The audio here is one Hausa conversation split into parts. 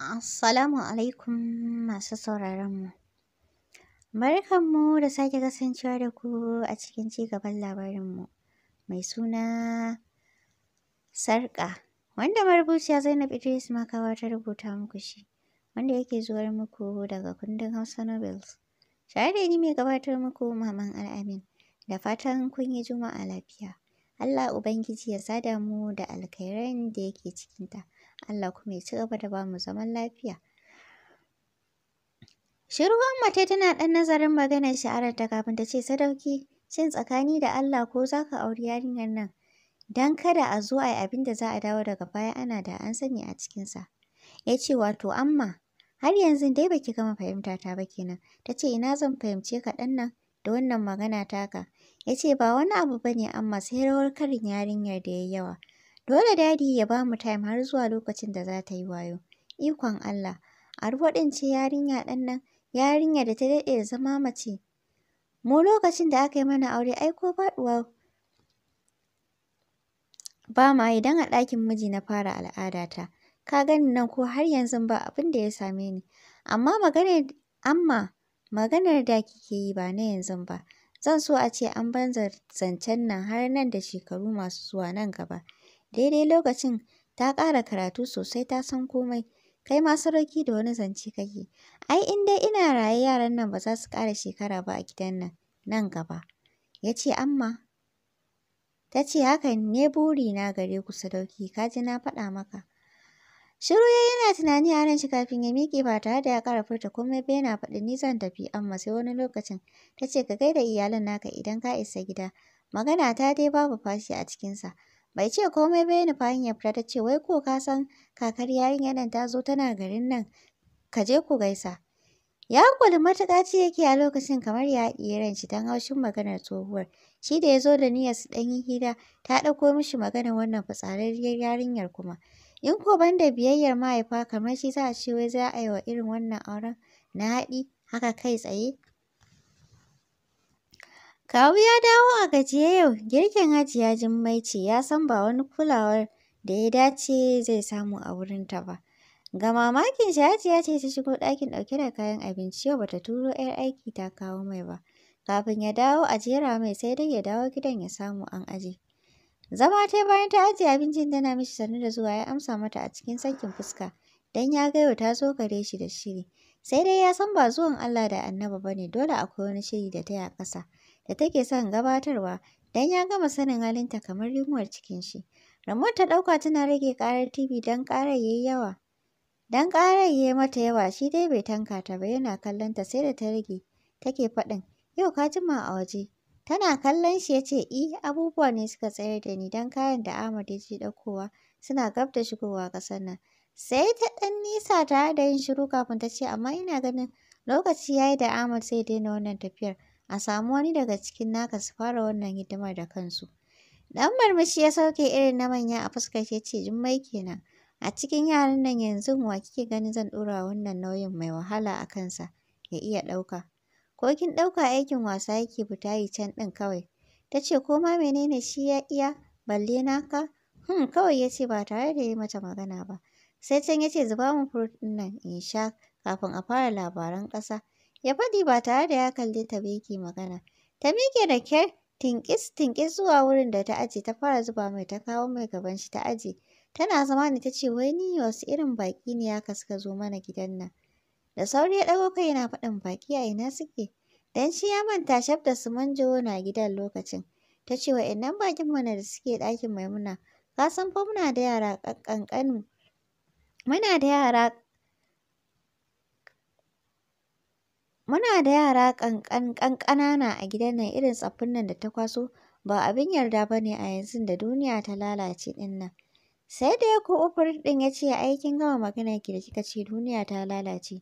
Assalamu alaikum masu sauraron mu barkan mu da sake kasancewa da ku a cikin cigaban labarinmu mai suna sarƙa wanda marubuciya Zainab Idris Makawa ta rubuta muku shi wanda yake zuwar muku daga kundin Hausa Novels. Shari'a da ni mai gabatar muku Maman Al-Amin. da fatan kun yi juma'a lafiya. Allah Ubangiji ya sada mu da alkhairan da yake cikinta. Allah kuma ya ci gaba da bamu zaman lafiya. Shiru Amma tai tana ɗan nazarin maganar sha'ararta kafin ta ce sadauki, cin tsakani da Allah ko za ka auri yarinyar nan? Don kada a zo a yi abin da za a dawo daga baya ana da an sani a cikinsa. Ya ce wato amma har yanzu dai baki gama fahimta ta ba kenan. Ta ce ina zan fahimce ka ɗan nan da wannan magana taka. Ya ce ba wani abu ba ne amma sai rawar karin yarinyar da ya yawa. Dole dadi ya ba mu time har zuwa lokacin da za ta yi wayo. Ikon Allah, Arwa ɗin ce yarinya ɗan nan, yarinya da ta daɗe da zama mace. Mu lokacin da aka yi mana aure ai ko faɗuwa ba ma idan a ɗakin miji na fara al'adata. Ka gani nan ko har yanzu ba abin da ya same ni. Amma maganar amma maganar da kike yi ba na yanzu ba. Zan so a ce an banza zancen nan har nan da shekaru masu zuwa nan gaba. Daidai lokacin ta ƙara karatu sosai ta san komai. Kai ma sarauki da wani zance kake. Ai in dai ina raye yaran nan ba za su ƙara shekara ba a gidan nan, nan gaba. Ya ce amma. Ta ce hakan ne buri na gare ku sadauki, ka ji na faɗa maka. Shiru ya yana tunani a shi kafin ya miƙe ba tare da ya ƙara furta komai ba yana faɗi ni zan tafi amma sai wani lokacin ta ce ka gaida iyalan naka idan ka isa gida. Magana ta dai babu fashi a cikinsa. Bai ce komai ba ya nufa hanyar fita ta ce wai ko ka san kakar yarinyar nan ta zo tana garin nan ka je ku gaisa. Ya kuli matuƙa ce yake a lokacin kamar ya iya ran shi dan haushin maganar tsohuwar. Shi da ya zo da niyyar su ɗan yi hira ta ɗauko mishi maganar wannan fitsararriyar yarinyar kuma. In ko ban da biyayyar mahaifa kamar shi za a ce wai za a yi wa irin wannan auren na haɗi haka kai tsaye. Kawu ya dawo a gajiye yau, girkin Hajiya Jummai ce ya san ba wani kulawar da ya dace zai samu a wurin ta ba. Ga mamakin shi Hajiya ce ta shigo ɗakin ɗauke da kayan abinci yau bata turo 'yar aiki ta kawo mai ba. Kafin ya dawo a jera mai sai dai ya dawo gidan ya samu an aje. Zama ta bayan ta ajiye abincin tana mishi sannu da zuwa ya amsa mata a cikin sakin fuska Dan ya gaiwa ta zo gare shi da shiri. Sai dai ya san ba zuwan Allah da Annabi bane dole akwai wani shiri da ta yi a ƙasa. da take son gabatarwa don ya gama sanin halinta kamar yunwar cikin shi. Ramon ta ɗauka tana rage ƙarar TV don ƙarar yi yawa. Don ƙarar yi mata yawa shi dai bai tanka ta ba yana kallon ta sai da ta rage take faɗin yau ka jima a waje. Tana kallon shi ya ce i eh, abubuwa ne suka tsayar da ni don kayan da Ahmad ya ji ɗaukowa suna gab da shigowa ƙasar nan. Sai ta ɗan nisa ta hada yin shiru kafin ta ce amma ina ganin lokaci ya yi da Ahmad zai daina wannan tafiyar. a samu wani daga cikin naka su fara wannan hidimar da kansu. Ɗan marmashi ya sauke irin na manya a fuskar ya ce jummai kenan. A cikin yaran nan yanzu wa kike ganin zan ɗora wannan nauyin mai wahala a kansa ya iya ɗauka. Ko kin ɗauka aikin wasa yake fita yi can ɗin kawai. Ta ce ko ma menene shi ya iya balle naka? Hmm kawai ya ce ba tare da yi mata magana ba. Sai can ya ce zuba min furut ɗin nan in sha kafin a fara labaran ƙasa. ya faɗi ba tare da ya kalli ta ba magana. Ta miƙe da kyar tinƙis tinƙis zuwa wurin da ta aje ta fara zuba mai ta kawo mai gaban shi ta aje. Tana zama ne ta ce wai ni wasu irin baƙi ne haka suka zo mana gidan nan. Da sauri ya ɗago kai yana faɗin baƙi a ina suke. Dan shi ya manta shaf da Sumanjo na gidan lokacin. Ta ce wa innan baƙin mana da suke ɗakin Maimuna. Ka san fa muna da yara ƙanƙanu. Muna da yara Muna da yara ƙanƙanana a gidan nan irin tsaffin nan da ta kwaso ba abin yarda ba ne a yanzu da duniya ta lalace ɗin nan. Sai da ya ko ofirit ɗin ya ce ai kin gama ki da kika ce duniya ta lalace.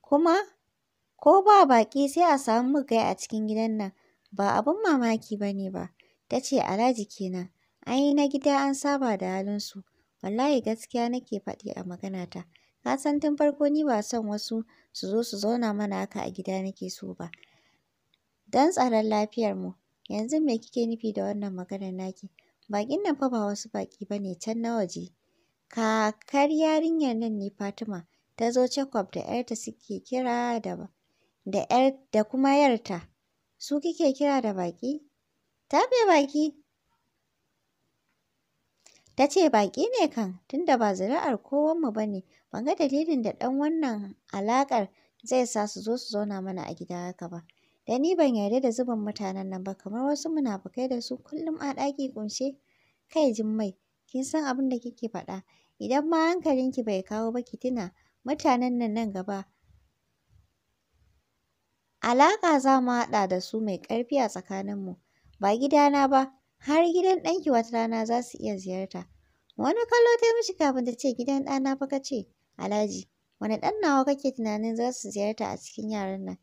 Kuma ko ba baƙi sai a samu mugaye a cikin gidan nan ba abin mamaki ba ne ba. Ta ce alhaji kenan ai na gida an saba da halinsu wallahi gaskiya nake faɗi a maganata. Ka san tun farko ni ba son wasu su zo su zauna mana haka a gida nake so ba. Don tsaron lafiyarmu, yanzu me kike nufi da wannan maganar naki? Baƙin nan fa ba wasu baƙi ba ne can na waje. Kakar yarinyar nan ne Fatima, ta zo check da 'yarta suke kira da da 'yar da kuma 'yarta. Su kike kira da baƙi? Taɓe baki, Ta ce baƙi ne kan tunda ba zuri'ar kowanmu ba ne, ban ga dalilin da ɗan wannan alaƙar zai sa su zo su zauna mana a gida haka ba. Da ni ban yarda da zubin mutanen nan ba kamar wasu munafukai da su kullum a ɗaki ƙunshe. Kai Jummai, kin san abin da kike faɗa, idan ma hankalinki bai kawo ba ki tuna mutanen nan nan gaba alaƙa za mu haɗa da su mai ƙarfi a tsakaninmu ba gidana ba har gidan ɗanki wata rana za su iya ziyarta. Wani kallo ta mishi kafin ta ce gidan ɗana fa ka ce, Alhaji, wani ɗan nawa kake tunanin za su ziyarta a cikin yaran nan?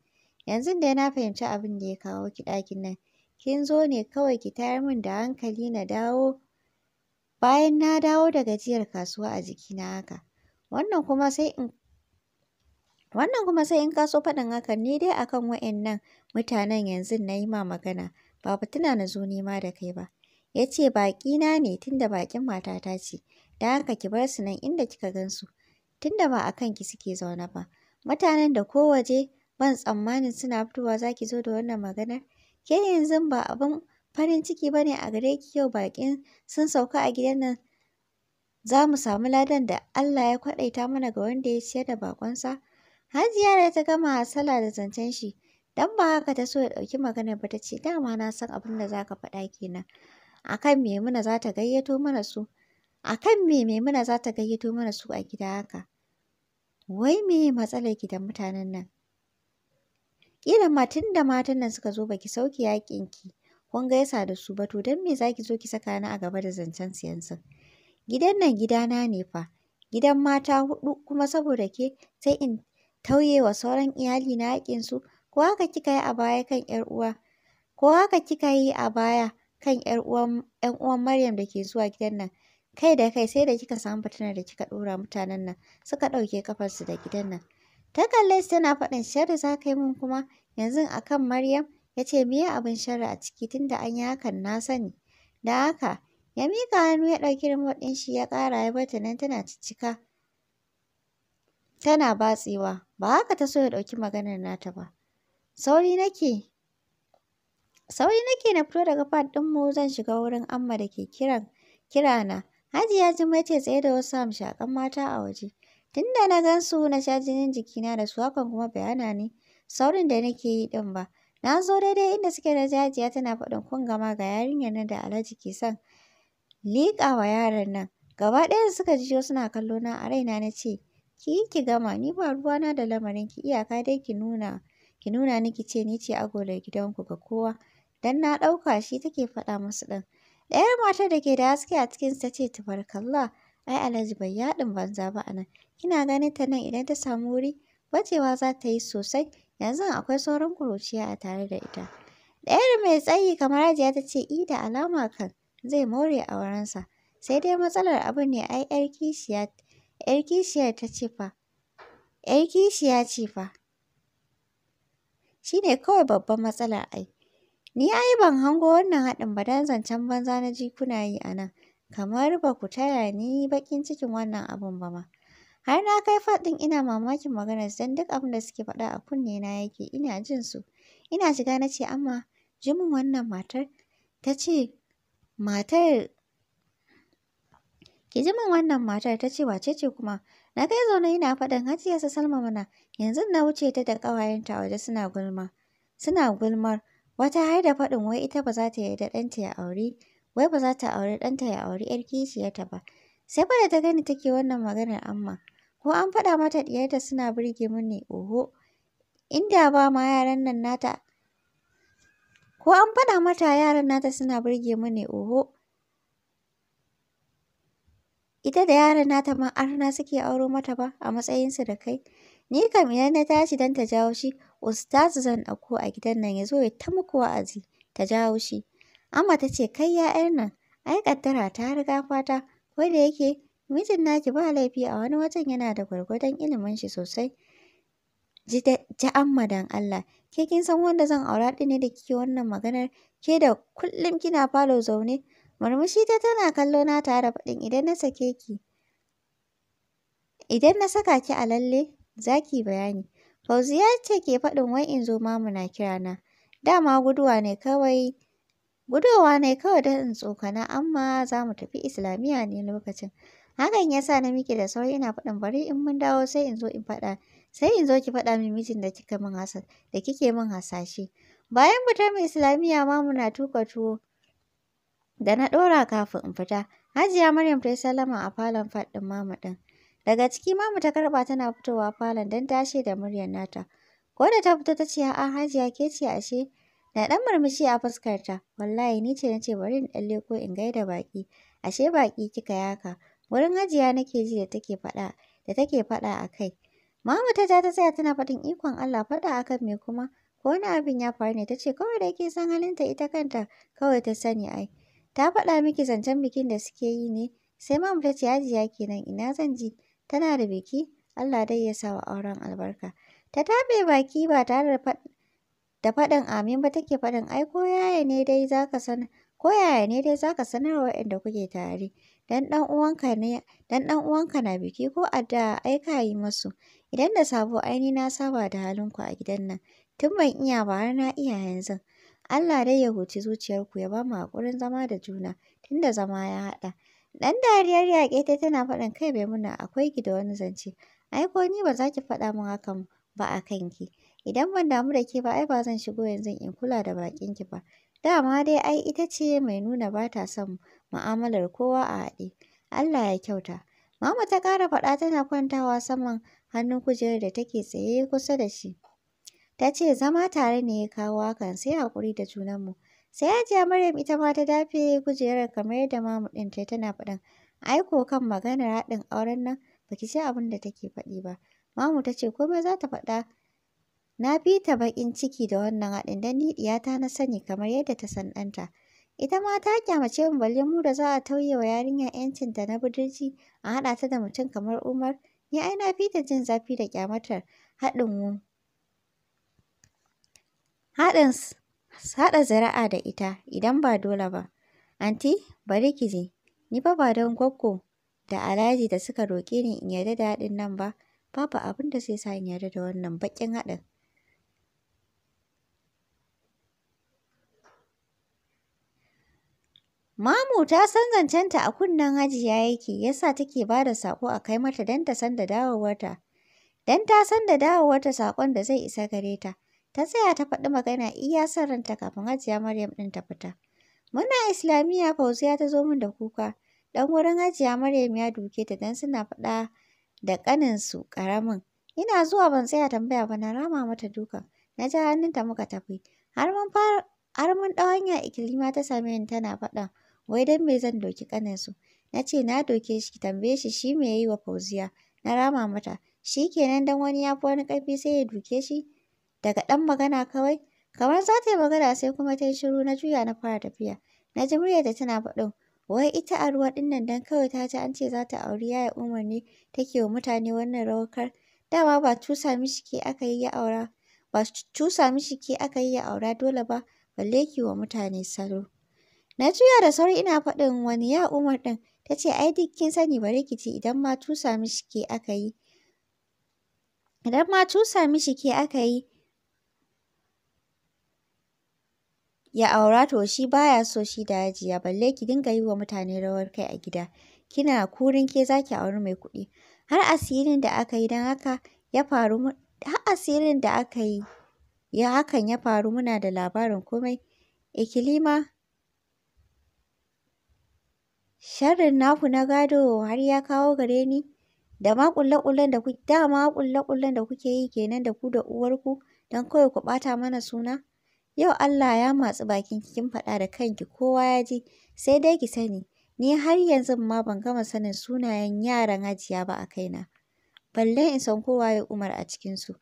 Yanzu da na fahimci abin da ya kawo ki ɗakin nan. Kin zo ne kawai ki tayar min da hankali na dawo bayan na dawo da gajiyar kasuwa a jikina haka. Wannan kuma sai in Wannan kuma sai in ka faɗin hakan ni dai akan wa'annan mutanen yanzu na yi ma magana. ba tuna na zo nema da kai ba. Ya ce baƙi na ne tunda baƙin matata ce, da haka ki bar su nan inda kika gan su, tunda ba a kanki suke zaune ba. Mutanen da ko waje ban tsammanin suna fitowa za ki zo da wannan maganar. Ke yanzu ba abin farin ciki ba ne a gare ki yau baƙin sun sauka a gidan nan za mu samu ladan da Allah ya kwaɗaita mana ga wanda ya ciyar da baƙonsa. Hajiya da ta gama hasala da zancen shi, Dan ba haka ta so ya ɗauki maganar ba ta ce dama na san abin da za ka faɗa kenan. Akan muna za ta gayyato mana su. Akan me Maimuna za ta gayyato mana su a gida haka. Wai me matsalar ki da mutanen nan? Ƙila ma tun da matan nan suka zo ba ki sauki yaƙin ki. Kun gaisa da su ba to don me zaki zo ki saka ni a gaba da zancen siyansu? Gidan nan gidana ne fa. Gidan mata huɗu kuma saboda ke sai in tauye wa sauran iyali na haƙƙinsu su ko haka kika yi a baya kan ƴar uwa ko haka kika yi a baya kan ƴar uwan ‘yan uwan Maryam da ke zuwa gidan nan kai da kai sai da kika samu fitinar da kika ɗora mutanen nan suka ɗauke kafarsu da gidan nan ta kalle su tana faɗin sharri za ka yi min kuma yanzu akan Maryam ya ce me abin sharri a ciki tunda an yi hakan na sani da haka ya miƙa hannu ya ɗauki remote ɗin shi ya ƙara ya bata nan tana ciccika tana batsewa ba haka ta so ya ɗauki maganar nata ba Sauri nake. Sauri nake na fito daga fat mu zan shiga wurin amma da ke kiran kirana. Hajiya Jummai ce tsaye da wasu amshakan mata a waje. Tunda na gan su na sha jinin jikina da su hakan kuma bayana ne saurin da nake yi din ba. Na zo daidai inda suke da jajiya tana faɗin kun gama ga yarinyar nan da Alhaji ke son liƙa wa yaran nan. Gaba ɗaya da suka jiyo suna kallo na a raina na ce ki yi ki gama ni ba ruwana da lamarin ki iyaka dai ki nuna ki nuna ni ki ce ni ce agolar gidanku ga kowa dan na ɗauka shi take faɗa musu ɗin ɗayar matar da ke da haske a cikin ta ce tabarkallah ai alhaji bai yaɗin banza ba a nan kina ganin ta nan idan ta samu wuri bacewa za ta yi sosai yanzu akwai sauran kuruciya a tare da ita ɗayar mai tsayi kamar hajiya ta ce i da alama kan zai more aurensa sai dai matsalar abin ne ai yar kishiyar ta ce fa yar kishiya ce fa shine kawai babban matsalar ai. Ni ai ban hango wannan haɗin ba don zancen banza na ji kuna yi a nan. Kamar ba ku taya ni baƙin cikin wannan abun ba ma. Har na kai faɗin ina mamakin maganar don duk abin da suke faɗa a kunne na yake ina jin su. Ina shiga na ce amma jimin wannan matar ta ce matar ki ji min wannan matar ta ce wace ce kuma na kai zaune ina faɗin ya salma mana yanzu na wuce ta da ƙawayenta waje suna gulma suna gulmar wata har da faɗin wai ita ba za ta yarda ɗanta ya auri wai ba za ta auri ɗanta ya auri ƴar kishiyarta ba sai fa da ta gani take wannan maganar amma ko an faɗa mata ɗiyarta suna burge mun ne oho inda ba ma yaran nan nata ko an faɗa mata yaran nata suna burge mu ne oho ita da yaran nata ma arna suke auro mata ba a matsayinsu da kai Ni kam idan na tashi don ta jawo shi, ustazu zan ɗauko a gidan nan ya zo ya ta muku wa'azi, ta jawo shi. Amma ta ce, kai ya ‘yar nan, ai ƙaddara ta riga fata, ko da yake mijin naki ba laifi a wani wajen yana da gwargwadon ilimin shi sosai. Ji amma dan Allah, ke kin san wanda zan aura ɗin ne da kike wannan maganar, ke da kullum kina falo zaune. Murmushi ta tana kallo na tare faɗin idan na sake ki. Idan na saka ki a lalle, Zaki bayani. bayani. Fauziya ce ke faɗin wai in zo mamu na kira na. Dama guduwa ne kawai. guduwa ne kawai don in tsokana amma za mu tafi Islamiyya ne lokacin. Hakan yasa na miki da sauri ina faɗin bari in mun dawo sai in zo in faɗa. Sai in zo ki faɗa min mijin da kika min hasa da kike min hasashe. Bayan fitar mu Islamiyya ma muna tuka tuwo. Da na ɗora kafin in fita. Hajiya Maryam ta yi sallama a falon faɗin mama ɗin. Daga ciki mamu ta karba tana fitowa falon don tashe da muryar nata. Ko da ta fito ta ce a'a hajiya ke ce ashe. Na ɗan murmushi a fuskarta. Wallahi ni ce na ce bari in ɗan leko in gaida baki Ashe baƙi kika yaka. Wurin hajiya nake ji da take faɗa da take faɗa a kai. Mamu ta ja ta tsaya tana faɗin ikon Allah faɗa akan me kuma. Ko wani abin ya faru ne ta ce kawai da ke san halinta ita kanta kawai ta sani ai. Ta faɗa miki zancen bikin da suke yi ne. Sai mamu ta ce hajiya kenan ina zan ji. tana da biki Allah dai ya sa wa auren albarka ta tabe baki ba tare da faɗin amin ba take faɗin ai ko yaya ne dai zaka san ko yaya ne dai zaka wa inda kuke tare dan dan uwanka ne dan dan uwanka na biki ko adda ai ka yi musu idan da sabo aini na saba da halinku a gidan nan tun ban iya ba har na iya yanzu Allah dai ya huci zuciyarku ya ba mu hakurin zama da juna tunda zama ya haɗa Ɗan dariyar yaƙe ta tana faɗin kai Maimuna akwai ki da wani zance. Ai ko ni ba za ki faɗa min hakan ba a kanki. Idan ban damu da ke ba ai ba zan shigo yanzu in kula da bakin ki ba. Dama dai ai ita ce mai nuna ba ta son mu'amalar kowa a haɗe. Allah ya kyauta. Mama ta ƙara faɗa tana kwantawa saman hannun kujerar da take tsaye kusa da shi. Ta ce zama tare ne ya kawo hakan sai haƙuri da junanmu. Sai Hajiya Maryam ita ma ta dafe kujerar kamar yadda mamu ɗin tana faɗin. Aiko kan maganar haɗin auren nan baki sai abin da take faɗi ba. Mamu ta ce komai za ta faɗa. Na bi ta baƙin ciki da wannan haɗin don ni ɗiyata na sani kamar yadda ta san ɗanta. Ita ma ta kyamace mu balle mu da za a tauye wa yarinya ‘yancinta na budurci a haɗa ta da mutum kamar Umar. Ni ai na fi ta jin zafi da kyamatar haɗin mu. Haɗin haɗa zuri'a da ita idan ba dole ba. Anti, bari ki je, ni fa ba don gwaggo da Alhaji da suka roƙe ni in yarda da haɗin nan ba, babu abin da zai sa in yarda da wannan baƙin haɗin. Mamu ta san zancenta a kunnen hajiya yake, yasa take ba da saƙo a kai mata don ta san da dawowarta. Don ta san da dawowarta saƙon da zai isa gare ta. Ta tsaya ta faɗi magana iya son ranta kafin Hajiya Maryam ɗin ta fita. Muna Islamiyya Fauziya ta zo min da kuka. ɗan wurin Hajiya Maryam ya duke ta dan suna faɗa da ƙaninsu ƙaramin. Ina zuwa ban tsaya tambaya ba na rama mata dukan. Na ja hannunta muka tafi. Har mun fara har mun ɗau ikilima ta same ni tana faɗa wai dan me zan doki ƙaninsu. Na ce na doke shi ki tambaye shi shi me yayi wa Fauziya. Na rama mata. Shi kenan dan wani ya fi wani ƙarfi sai ya duke shi. daga ɗan magana kawai. Kamar za ta yi magana sai kuma ta yi shiru na juya na fara tafiya. Na ji muryarta tana faɗin, wai ita a ruwa ɗin nan don kawai ta ji an ce za ta auri yaya Umar ne take wa mutane wannan rawakar. Dama ba tusa mishi ke aka yi ya aura, ba tusa mishi ke aka yi ya aura dole ba, balle ki wa mutane salo. Na juya da sauri ina faɗin wani ya Umar ɗin, ta ce ai duk kin sani ba rikici idan ma tusa mishi ke aka yi. Idan ma tusa mishi ke aka yi, ya aura to shi baya so shi da yajiya balle ki dinga yi wa mutane rawar kai a gida kina kurin ke zaki auri mai kuɗi har asirin da aka yi dan haka ya faru har asirin da aka yi ya hakan ya faru muna da labarin komai ikilima sharrin naku na gado har ya kawo gare ni da ma ƙulle-ƙullen da kuke da ma ƙulle da kuke yi kenan da ku da uwarku don kawai ku ɓata mana suna Yau Allah ya matsi bakin ki, kin faɗa da kanki kowa ya ji, sai dai ki sani, ni har yanzu ma ban gama sanin sunayen yaran ajiya ba a kaina. Balle in san kowa ya Umar a cikinsu.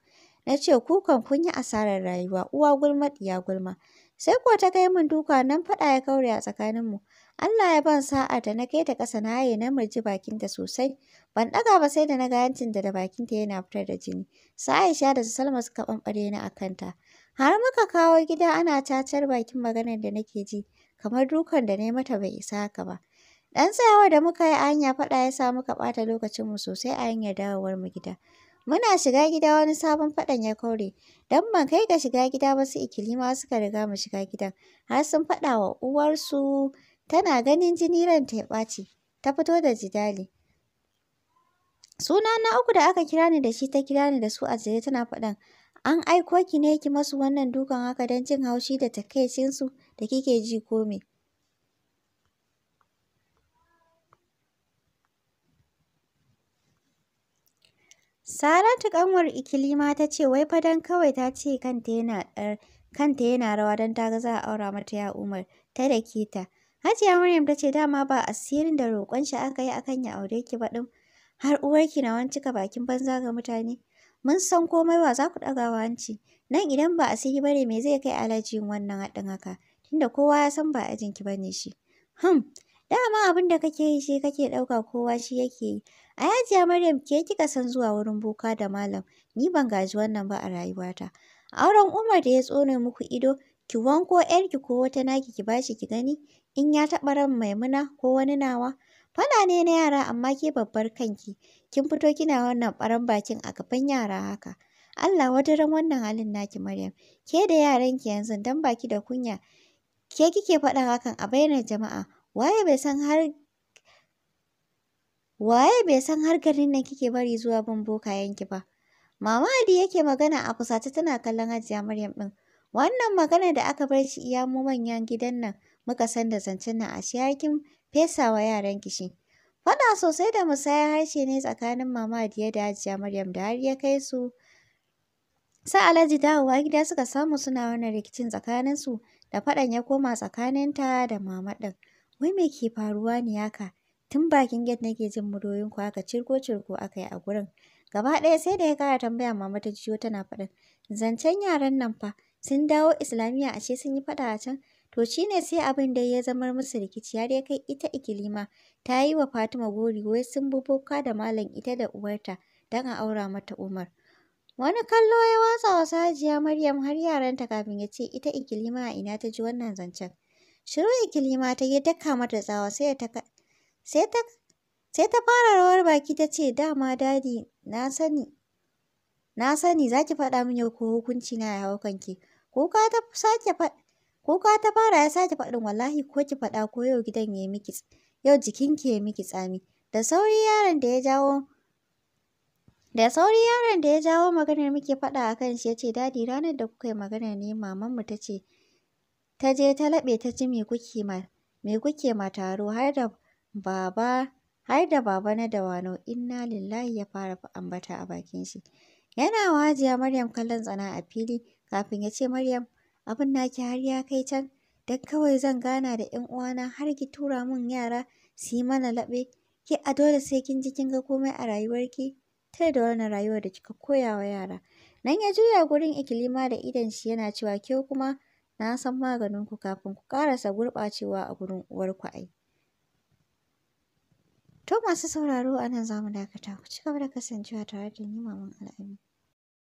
Na ce kukan kun yi asarar rayuwa, uwa gulma ɗiya gulma. Sai ko ta kai min duka nan faɗa ya kaure a tsakanin mu Allah ya ban sa'a da na kai ta ƙasa na haye na murji bakinta sosai. Ban ɗaga ba sai da na ga yancin da da bakinta yana fitar da jini. Su Aisha da Salma suka ɓanɓare ni a kanta. Har muka kawo gida ana cacar bakin maganar da nake ji, kamar dukan da na mata bai isa haka ba. Dan tsayawa da muka yi a hanya faɗa ya sa muka ɓata mu sosai a hanyar dawowar mu gida. Muna shiga gida wani sabon faɗan ya kaure, dan ban kai ga shiga gida ba su ikilima suka riga mu shiga gidan, har sun faɗa wa uwarsu tana ganin jini ta ya ɓaci, ta fito da jidali. Suna na uku da aka kira ni da shi ta kira ni da su a tana faɗan An aiko ki ne ki masu wannan dukan haka don jin haushi da takaicinsu da kike ji ko me? Saratu kanwar Ikilima ta ce wai fa don kawai ta ce kanta yana rawa don ta ga za a aura mata ya Umar ta da ta. Hajiya Maryam ta ce dama ba asirin da roƙon shi aka yi akan ya aure ki ba ɗin har uwarki na wani bakin banza ga mutane. Mun san komai wa za ku ɗaga wa hanci. Nan idan ba a asiri bane me zai kai alajin wannan haɗin haka. Tunda kowa ya san ba a ajinki bane shi. Hum, dama abin da kake yi shi kake ɗauka kowa shi yake yi. A yajiya Maryam ke kika san zuwa wurin boka da malam, ni ban gaji wannan ba a rayuwata. Auren Umar da ya tsone muku ido, ki wanko ‘yarki ko wata naki ki bashi ki gani, in ya taɓa ran maimuna ko wani nawa, Faɗa ne na yara amma ke babbar kanki, kin fito kina wannan ɓaran bakin a gaban yara haka. Allah wadaran wannan halin naki Maryam, ke da yaranki yanzu dan baki da kunya. Ke kike faɗa hakan a bainar jama'a, waye bai san har Waye bai san har garin nan kike bari zuwa bin yanki ba? Mama Adi yake magana a fusace tana kallon Hajiya Maryam ɗin. Wannan maganar da aka bar shi iya mu manyan gidan nan muka san da zancen nan ashe har kin fesawa yaran kishi. Faɗa sosai da musayar harshe ne tsakanin Mama da da Hajiya Maryam da har ya kai su Sa Alhaji dawowa gida suka samu suna wannan rikicin tsakaninsu da faɗan ya koma tsakanin ta da mama ɗin. Wai me ke faruwa ne haka? Tun bakin gate nake jin mudoyin ku haka cirko-cirko aka yi a gurin. Gaba ɗaya sai da ya kara tambaya mama ta jiyo tana faɗin. Zancen yaran nan fa sun dawo Islamiyya ashe sun yi faɗa a can. To shi ne sai abin da ya zama musu rikici har ya kai ita ikilima ta yi wa Fatima gori wai sun bi boka da malam ita da uwarta don a aura mata Umar. Wani kallo ya watsa wa Sajiya Maryam har yaranta kafin ya ce ita ikilima a ina ta ji wannan zancen. Shiru ikilima ta yi daka mata tsawa sai ta fara rawar baki ta ce dama dadi na sani na sani za ki faɗa min yau ko hukunci na ya hau kanki. Kuka ta sake faɗa Kuka ta fara ya sake faɗin wallahi ko ki faɗa ko yau gidan ya miki yau jikinki ya miki tsami. Da sauri yaron da ya jawo Da sauri yaron da ya jawo maganar muke faɗa a kan shi ya ce dadi ranar da kuka yi magana ne mamanmu ta ce ta je ta laɓe ta ji me kuke ma me kuke ma taro har da baba har da baba na dawano inna lillahi ya fara ambata a bakin shi. Yana wajiya Maryam kallon tsana a fili kafin ya ce Maryam abin naki har ya kai can dan kawai zan gana da ƴan uwana har ki tura min yara su yi mana laɓe ki a dole sai kin ji kin ga komai a rayuwarki ta da wannan rayuwar da kika koya wa yara nan ya juya gurin ikilima da idon shi yana cewa ke kuma na san maganin ku kafin ku karasa gurɓacewa a gurin uwarku ai to masu sauraro anan zamu dakata ku ci gaba da kasancewa tare da ni maman al'amin